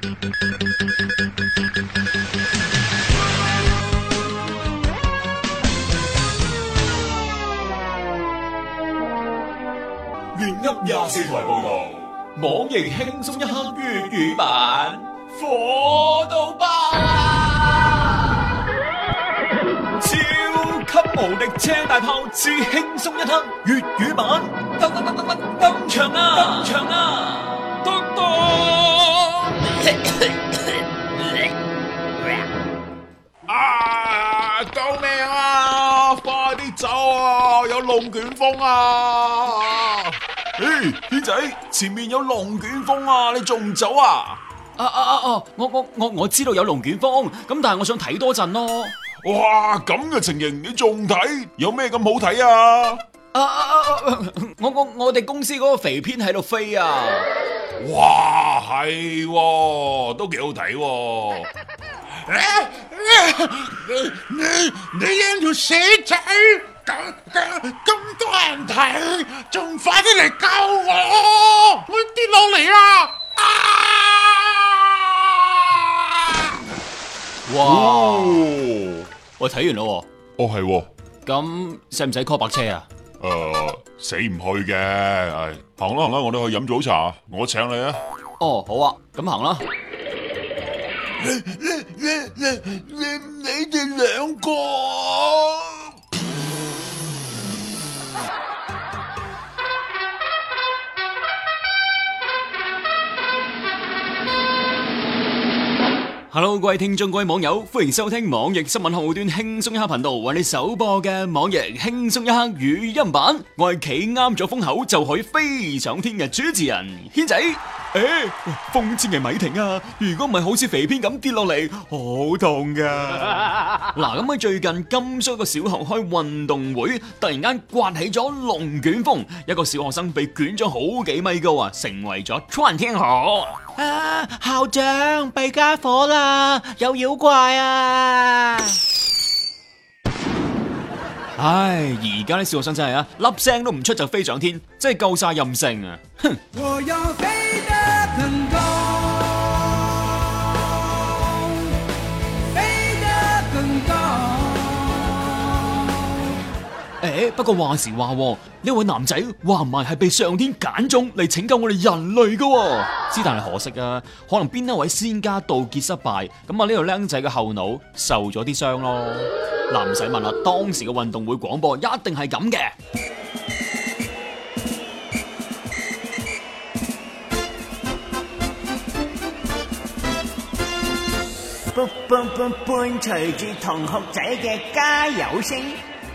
粵音亞楽視台報道，網易輕鬆一刻粵語版，火到爆 超級無敵車大炮之輕鬆一刻粵語版，登登登登登登場啊！登場啊！登登。救命啊！快啲走啊！有龍捲風啊！咦、哎，軒仔，前面有龍捲風啊！你仲唔走啊？啊啊啊啊！我我我我知道有龍捲風，咁但係我想睇多陣咯。哇！咁嘅情形你仲睇？有咩咁好睇啊，啊？啊啊啊！我我我哋公司嗰個肥片喺度飛啊！哇，係喎、啊，都幾好睇喎、啊。你你你靚條死仔，咁咁咁多人睇，仲快啲嚟救我！會跌落嚟啊！哇！我睇完啦喎。哦係。咁使唔使 call 白車啊？誒，死唔去嘅，係行啦行啦，我哋去飲早茶，我請你啊。哦，好啊，咁行啦。你你你哋兩個。Hello，各位聽眾，各位網友，歡迎收聽網易新聞客戶端輕鬆一刻頻道為你首播嘅網易輕鬆一刻語音版。我係企啱咗風口就可以飛上天嘅主持人軒仔。誒，風千祈咪停啊！如果唔係好似肥片咁跌落嚟，好痛噶。嗱，咁喺最近甘肅個小學開運動會，突然間颳起咗龍捲風，一個小學生被捲咗好幾米高啊，成為咗穿天河。校長備家伙啦，有妖怪啊！唉，而家啲小學生真係啊，粒聲都唔出就飛上天，真係夠晒任性啊！哼。誒，不過話時話，呢位男仔話唔埋係被上天揀中嚟，拯救我哋人類噶。哦，之 但係可惜啊，可能邊一位仙家渡劫失敗，咁啊呢個僆仔嘅後腦受咗啲傷咯。嗱，唔使問啦，當時嘅運動會廣播一定係咁嘅。伴伴伴伴隨住同學仔嘅加油聲，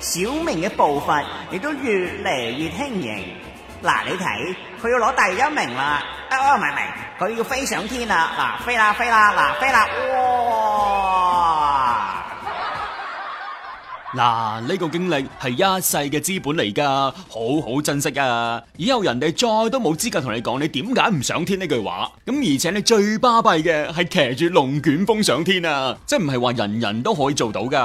小明嘅步伐亦都越嚟越輕盈。嗱，你睇，佢要攞第一名啦！啊、哦，唔係唔係，佢要飛上天啦！嗱，飛啦飛啦，嗱，飛啦，飛啦嗱，呢個經歷係一世嘅資本嚟噶，好好珍惜啊！以後人哋再都冇資格同你講你點解唔上天呢句話。咁而且你最巴閉嘅係騎住龍捲風上天啊，即係唔係話人人都可以做到噶。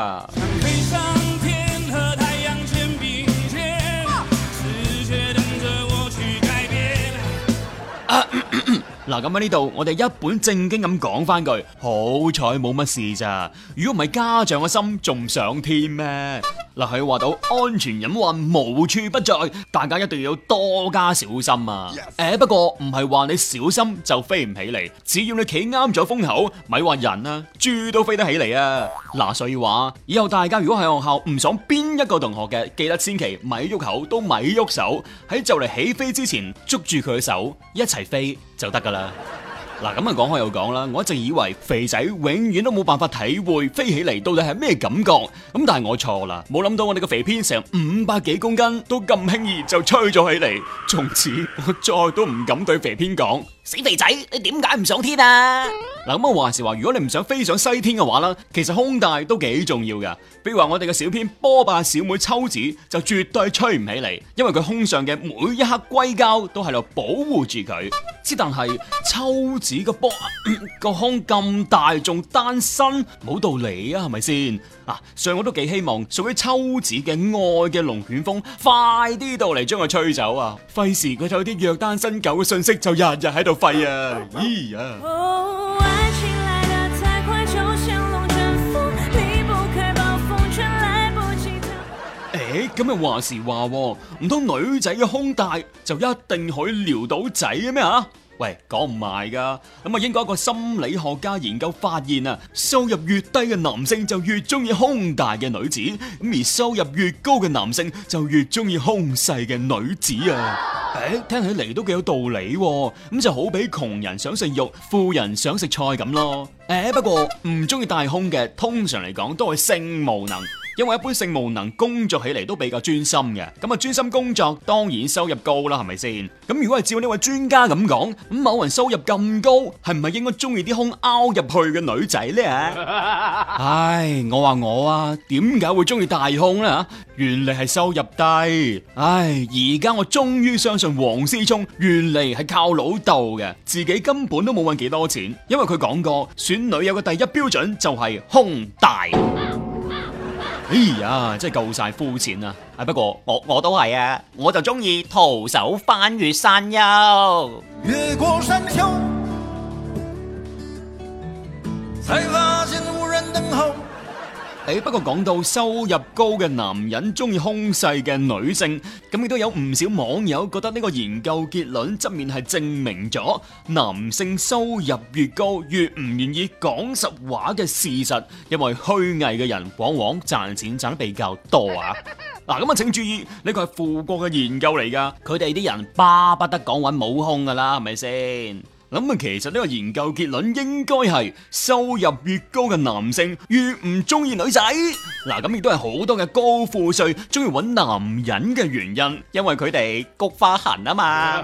啊，咳咳咳。嗱，咁喺呢度，我哋一本正經咁講翻句，好彩冇乜事咋。如果唔係家長嘅心仲想添咩？嗱， 係話到安全隱患無處不在，大家一定要多加小心啊。誒 Yes.、欸，不過唔係話你小心就飛唔起嚟，只要你企啱咗風口，咪話人啊，豬都飛得起嚟啊。嗱、 啊，所以話以後大家如果喺學校唔想邊一個同學嘅，記得千祈咪喐口都咪喐手，喺就嚟起飛之前捉住佢嘅手一齊飛。就得噶啦！嗱，咁啊講開又講啦，我一直以為肥仔永遠都冇辦法體會飛起嚟到底係咩感覺，咁但係我錯啦，冇諗到我哋個肥偏成五百幾公斤都咁輕易就吹咗起嚟，從此我再都唔敢對肥偏講。死肥仔，你點解唔上天啊？嗱、嗯，咁啊，話時話如果你唔想飛上西天嘅話啦，其實胸大都幾重要㗎。比如話我哋嘅小編波霸小妹秋子就絕對吹唔起嚟，因為佢胸上嘅每一刻硅膠都喺度保護住佢。之但係秋子個波個、呃、胸咁大，仲單身，冇道理啊，係咪先？嗱，上、啊、我都幾希望屬於秋子嘅愛嘅龍捲風快啲到嚟將佢吹走啊！費事佢有啲虐單身狗嘅信息就日日喺度吠啊！咦啊、oh, Yeah. oh, 愛情來得太快就像龍捲風，離不開暴風圈來不及！誒，咁又、欸、話時話唔通女仔嘅胸大就一定可以撩到仔嘅咩嚇？喂，講唔埋㗎，咁啊英國一個心理學家研究發現啊，收入越低嘅男性就越中意胸大嘅女子，咁而收入越高嘅男性就越中意胸細嘅女子啊，誒、欸、聽起嚟都幾有道理喎，咁就好比窮人想食肉，富人想食菜咁咯，誒、欸、不過唔中意大胸嘅，通常嚟講都係性無能。因為一般性無能工作起嚟都比較專心嘅，咁啊專心工作當然收入高啦，係咪先？咁如果係照呢位專家咁講，咁某人收入咁高，係唔係應該中意啲胸凹入去嘅女仔呢？ 唉，我話我啊，點解會中意大胸呢？原嚟係收入低。唉，而家我終於相信王思聰，原嚟係靠老豆嘅，自己根本都冇揾幾多錢，因為佢講過，選女友嘅第一標準就係胸大。哎呀，真係夠晒膚淺啊！哎，不過我我都係啊，我就中意徒手翻越山丘。越過山丘，才發現無人等候。不過講到收入高嘅男人中意胸細嘅女性，咁亦都有唔少網友覺得呢個研究結論側面係證明咗男性收入越高越唔願意講實話嘅事實，因為虛偽嘅人往往賺錢賺得比較多啊！嗱，咁啊請注意呢個係富國嘅研究嚟噶，佢哋啲人巴不得講揾冇胸噶啦，係咪先？諗啊，其實呢個研究結論應該係收入越高嘅男性越唔中意女仔。嗱、啊，咁亦都係好多嘅高富帥中意搵男人嘅原因，因為佢哋菊花痕啊嘛。誒、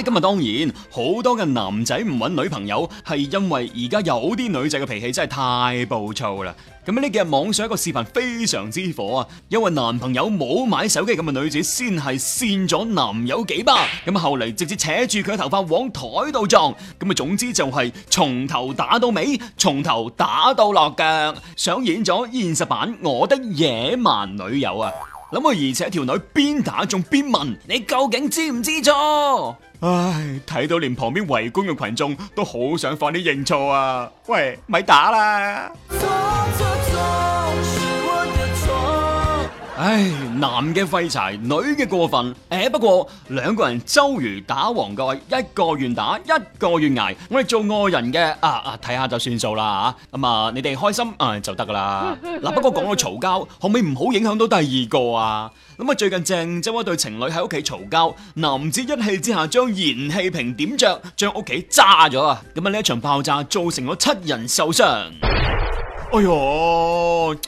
欸，咁啊，當然好多嘅男仔唔搵女朋友係因為而家有啲女仔嘅脾氣真係太暴躁啦。咁呢幾日網上一個視頻非常之火啊，因為男朋友冇買手機咁嘅女子，先係扇咗男友幾巴，咁後嚟直接扯住佢嘅頭髮往台度撞，咁啊總之就係從頭打到尾，從頭打到落腳，上演咗現實版《我的野蠻女友》啊！諗啊，而且條女邊打仲邊問你究竟知唔知錯？唉，睇到連旁邊圍觀嘅群眾都好想放啲認錯啊！喂，咪打啦！唉，男嘅廢柴，女嘅過分。誒，不過兩個人周瑜打黃蓋，一個願打，一個願挨。我哋做外人嘅，啊啊，睇下就算數啦吓。咁啊，啊，你哋開心啊就得噶啦。嗱、 啊，不過講到嘈交，可唔可以唔好影響到第二個啊？咁啊，最近鄭州一對情侶喺屋企嘈交，男、啊、子一氣之下將燃氣瓶點着，將屋企炸咗啊！咁啊，呢一場爆炸造成咗七人受傷。哎喲～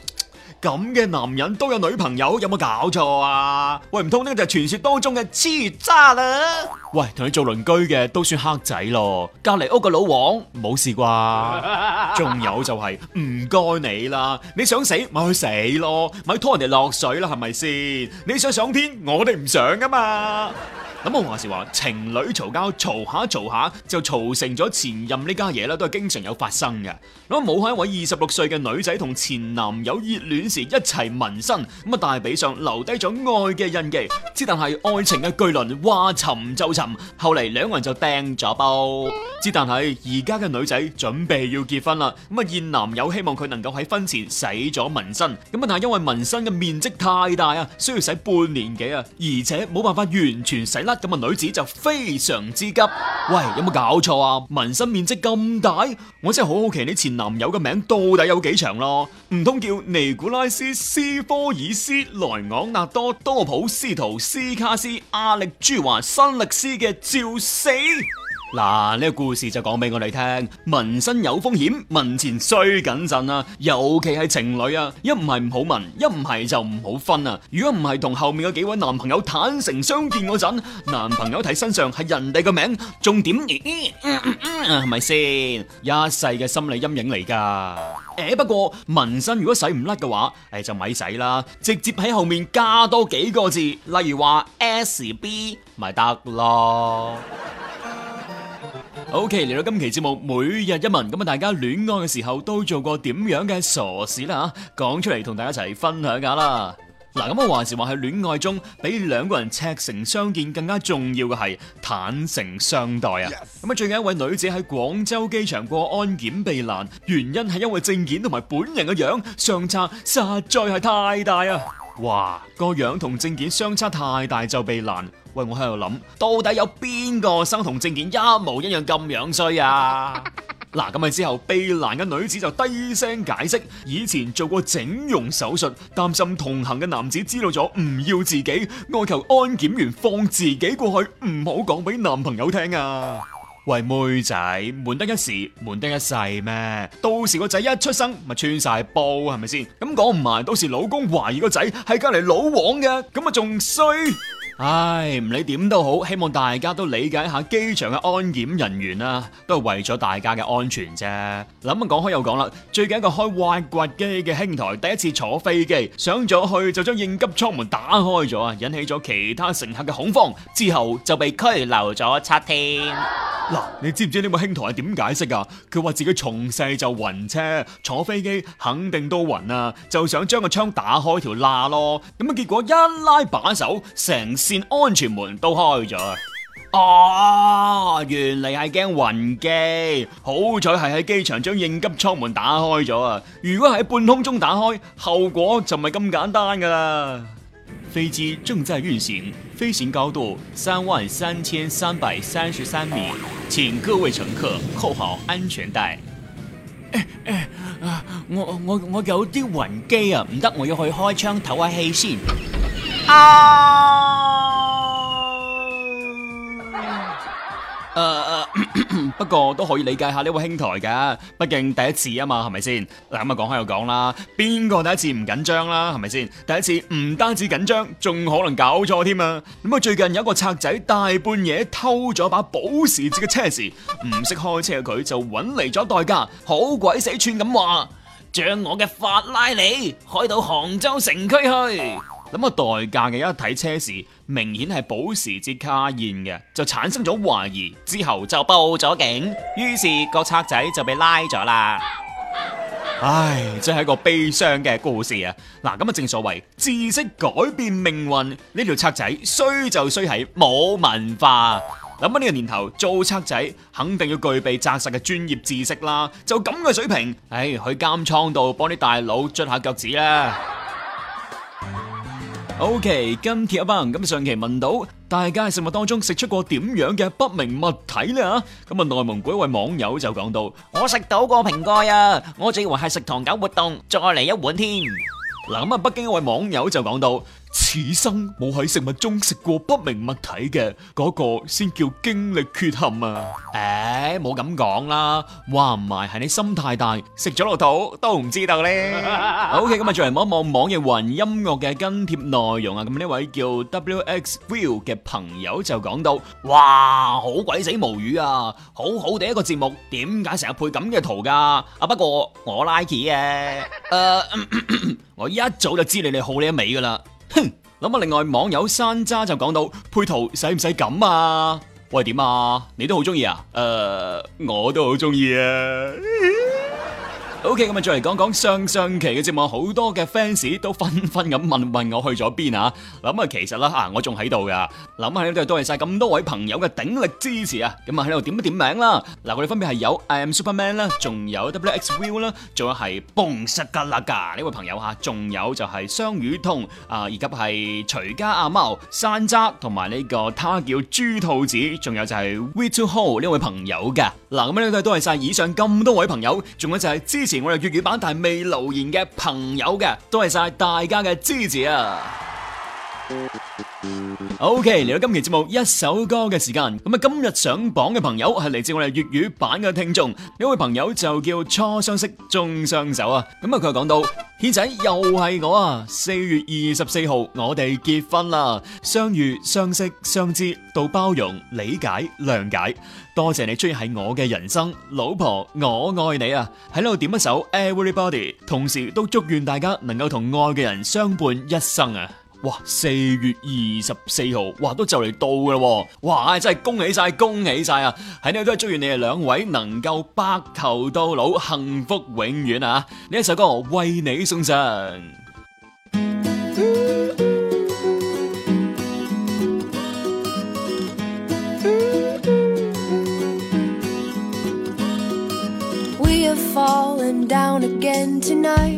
咁嘅男人都有女朋友，有冇搞錯啊？喂，唔通呢個就係傳說當中嘅痴渣啦？喂，同你做鄰居嘅都算黑仔咯。隔籬屋個老王，冇事啩？仲 有就係唔該你啦，你想死咪去死咯，咪拖人哋落水啦，係咪先？你想上天，我哋唔上噶嘛？ 咁我話時話，情侶嘈交嘈下嘈下就嘈成咗前任呢家嘢啦，都係經常有發生嘅。咁啊，冇一位二十六歲嘅女仔同前男友熱戀時一齊紋身，咁啊，大髀上留低咗愛嘅印記。之但係愛情嘅巨輪話沉就沉，後嚟兩個人就掟咗煲。之但係而家嘅女仔準備要結婚啦，咁啊，現男友希望佢能夠喺婚前洗咗紋身，咁啊，但係因為紋身嘅面積太大啊，需要洗半年幾啊，而且冇辦法完全洗。咁啊，女子就非常之急。喂，有冇搞錯啊？紋身面積咁大，我真係好好奇你前男友嘅名到底有幾長咯？唔通叫尼古拉斯、斯科爾斯、萊昂納多、多普斯、圖斯卡斯，華斯、阿力朱華、新力斯嘅趙四？嗱，呢、這個故事就講俾我哋聽，紋身有風險，紋前需謹慎啊，尤其係情侶啊，一唔係唔好紋，一唔係就唔好分啊。如果唔係同後面嘅幾位男朋友坦誠相見嗰陣，男朋友睇身上係人哋嘅名，重點係咪先？一世嘅心理陰影嚟噶。誒、哎，不過紋身如果洗唔甩嘅話，誒、哎、就咪洗啦，直接喺後面加多幾個字，例如話 SB 咪得咯。SB, O K，嚟到今期節目每日一問，咁啊，大家戀愛嘅時候都做過點樣嘅傻事啦？吓，講出嚟同大家一齊分享下啦。嗱，咁 我樂、啊、話時話係戀愛中，比兩個人赤誠相見更加重要嘅係坦誠相待啊。咁啊，最近一位女子喺廣州機場過安檢被攔，原因係因為證件同埋本人嘅樣相差實在係太大啊。哇，個樣同證件相差太大就被攔。喂，我喺度諗，到底有邊個生同證件一模一樣咁樣衰啊？嗱、 啊，咁咪之後，被攔嘅女子就低聲解釋，以前做過整容手術，擔心同行嘅男子知道咗唔要自己，哀求安檢員放自己過去，唔好講俾男朋友聽啊！喂，妹仔，瞞得一時，瞞得一世咩？到時個仔一出生咪穿晒煲，係咪先？咁講唔埋，到時老公懷疑個仔係隔籬老王嘅，咁啊仲衰。唉，唔理點都好，希望大家都理解一下機場嘅安檢人員啊，都係為咗大家嘅安全啫。諗啊，講開又講啦，最近一個開挖掘機嘅兄台第一次坐飛機，上咗去就將應急艙門打開咗啊，引起咗其他乘客嘅恐慌，之後就被拘留咗七天。嗱、啊，你知唔知呢個兄台係點解釋啊？佢話自己從細就暈車，坐飛機肯定都暈啊，就想將個窗打開條罅咯，咁啊結果一拉把手，成。安全門都開咗啊！啊，原嚟係驚暈機，好彩係喺機場將應急艙門打開咗啊！如果喺半空中打開，後果就唔係咁簡單噶啦。飛機正在運行，飛行高度三萬三千三百三十三米，請各位乘客扣好安全帶。欸欸，我我我有啲暈機啊！唔得，我要去開窗唞下氣先。啊！Uh, uh，咳咳，不過都可以理解下呢位兄台嘅，畢竟第一次啊嘛，係咪先？嗱咁啊，講開又講啦，邊個第一次唔緊張啦？係咪先？第一次唔單止緊張，仲可能搞錯添啊！咁啊，最近有一個賊仔大半夜偷咗把保時捷嘅車匙，唔識開車嘅佢就揾嚟咗代駕，好鬼死串咁話，將我嘅法拉利開到杭州城區去。諗下代駕嘅一睇車時，明顯係保時捷卡宴嘅，就產生咗懷疑，之後就報咗警，於是賊仔就被拉咗啦。 唉，真係一個悲傷嘅故事啊！嗱，咁啊正所謂知識改變命運，呢條賊仔衰就衰喺冇文化。諗緊呢個年頭，做賊仔肯定要具備紮實嘅專業知識啦。就咁嘅水平，唉，去監倉度幫啲大佬捽下腳趾啦。O、okay, K，跟帖一班，咁上期問到大家喺食物當中食出過點樣嘅不明物體呢？啊？咁啊內蒙古一位網友就講到，我食到個瓶蓋啊，我仲以為係食堂搞活動，再嚟一碗添。嗱咁啊北京一位網友就講到。此生冇喺食物中食過不明物體嘅嗰、那個先叫經歷缺陷啊！誒、欸，冇咁講啦，話唔埋係你心太大，食咗落肚都唔知道咧。 ok，咁、嗯、啊，再嚟望一望網易雲音樂嘅跟帖內容啊。咁呢位叫 W X View 嘅朋友就講到，哇、嗯，好鬼死無語啊！好好地一個節目，點解成日配咁嘅圖噶？啊，不過我 like 嘅，誒，我一早就知你哋好你一味噶啦。哼，諗下另外網友山楂就講到，配圖使唔使咁啊？喂，點啊？你都好中意啊？誒、呃，我都好中意啊。 O.K. 咁啊，再嚟講講上上期嘅節目，好多嘅 fans 都紛紛咁問問我去咗邊啊？嗱啊，其實啦吓、啊，我仲喺度噶。嗱喺呢度，多謝晒咁多位朋友嘅鼎力支持啊！咁啊，喺度點一點名啦。嗱，我哋分別係有 I am Superman 啦，仲有 W X w i e l 啦，仲有係蹦失吉啦噶呢位朋友吓，仲、啊、有就係雙魚通啊，以及係徐家阿貓、山楂同埋呢個他叫豬兔子，仲有就係 We Too Cool 呢位朋友嘅。嗱，咁啊，呢都係多謝晒以上咁多位朋友，仲有就係支。之前我哋粵語版，但係未留言嘅朋友嘅，多謝晒大家嘅支持啊！OK，嚟到今期節目一首歌嘅時間。咁啊今日上榜嘅朋友係嚟自我哋粵語版嘅聽眾，呢位朋友就叫初相識終相守啊！咁啊佢講到軒仔又係我啊，四月二十四號我哋結婚啦，相遇相識相知到包容理解諒解，多謝你出現喺我嘅人生，老婆我愛你啊！喺度點一首 Everybody，同時都祝願大家能夠同愛嘅人相伴一生啊！哇，四月二十四號，哇，都就嚟到噶啦！哇，真係恭喜晒，恭喜晒啊！喺呢度都係祝願你哋兩位能夠白頭到老，幸福永遠啊！呢一首歌我為你送上。We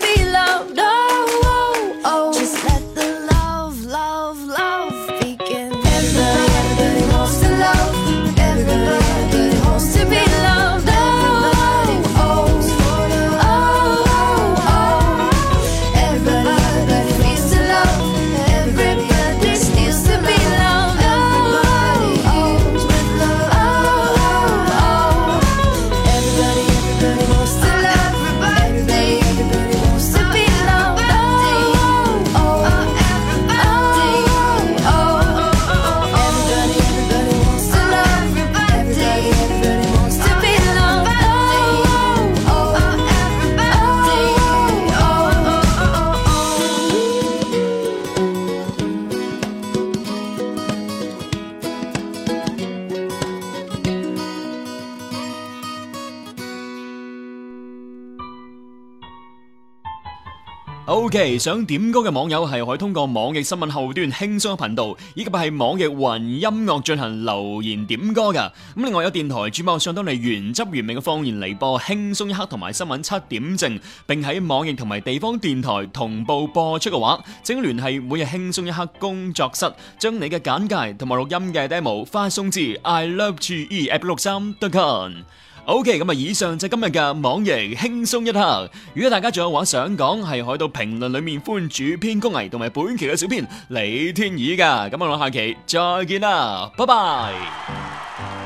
OK，想點歌嘅網友係可以通過網易新聞後端輕鬆頻道，以及係網易雲音樂進行留言點歌噶。咁另外有電台主播上到嚟，原汁原味嘅方言嚟播輕鬆一刻同埋新聞七點正，並喺網易同埋地方電台同步播出嘅話，請聯繫每日輕鬆一刻工作室，將你嘅簡介同埋錄音嘅 demo 發送至 i love tv at 六三 dot com。O K，咁啊，okay，以上就係今日嘅網易輕鬆一刻。如果大家仲有話想講，係喺度評論裡面歡主編曲藝同埋本期嘅小編李天宇噶。咁我哋下期再見啦，拜拜。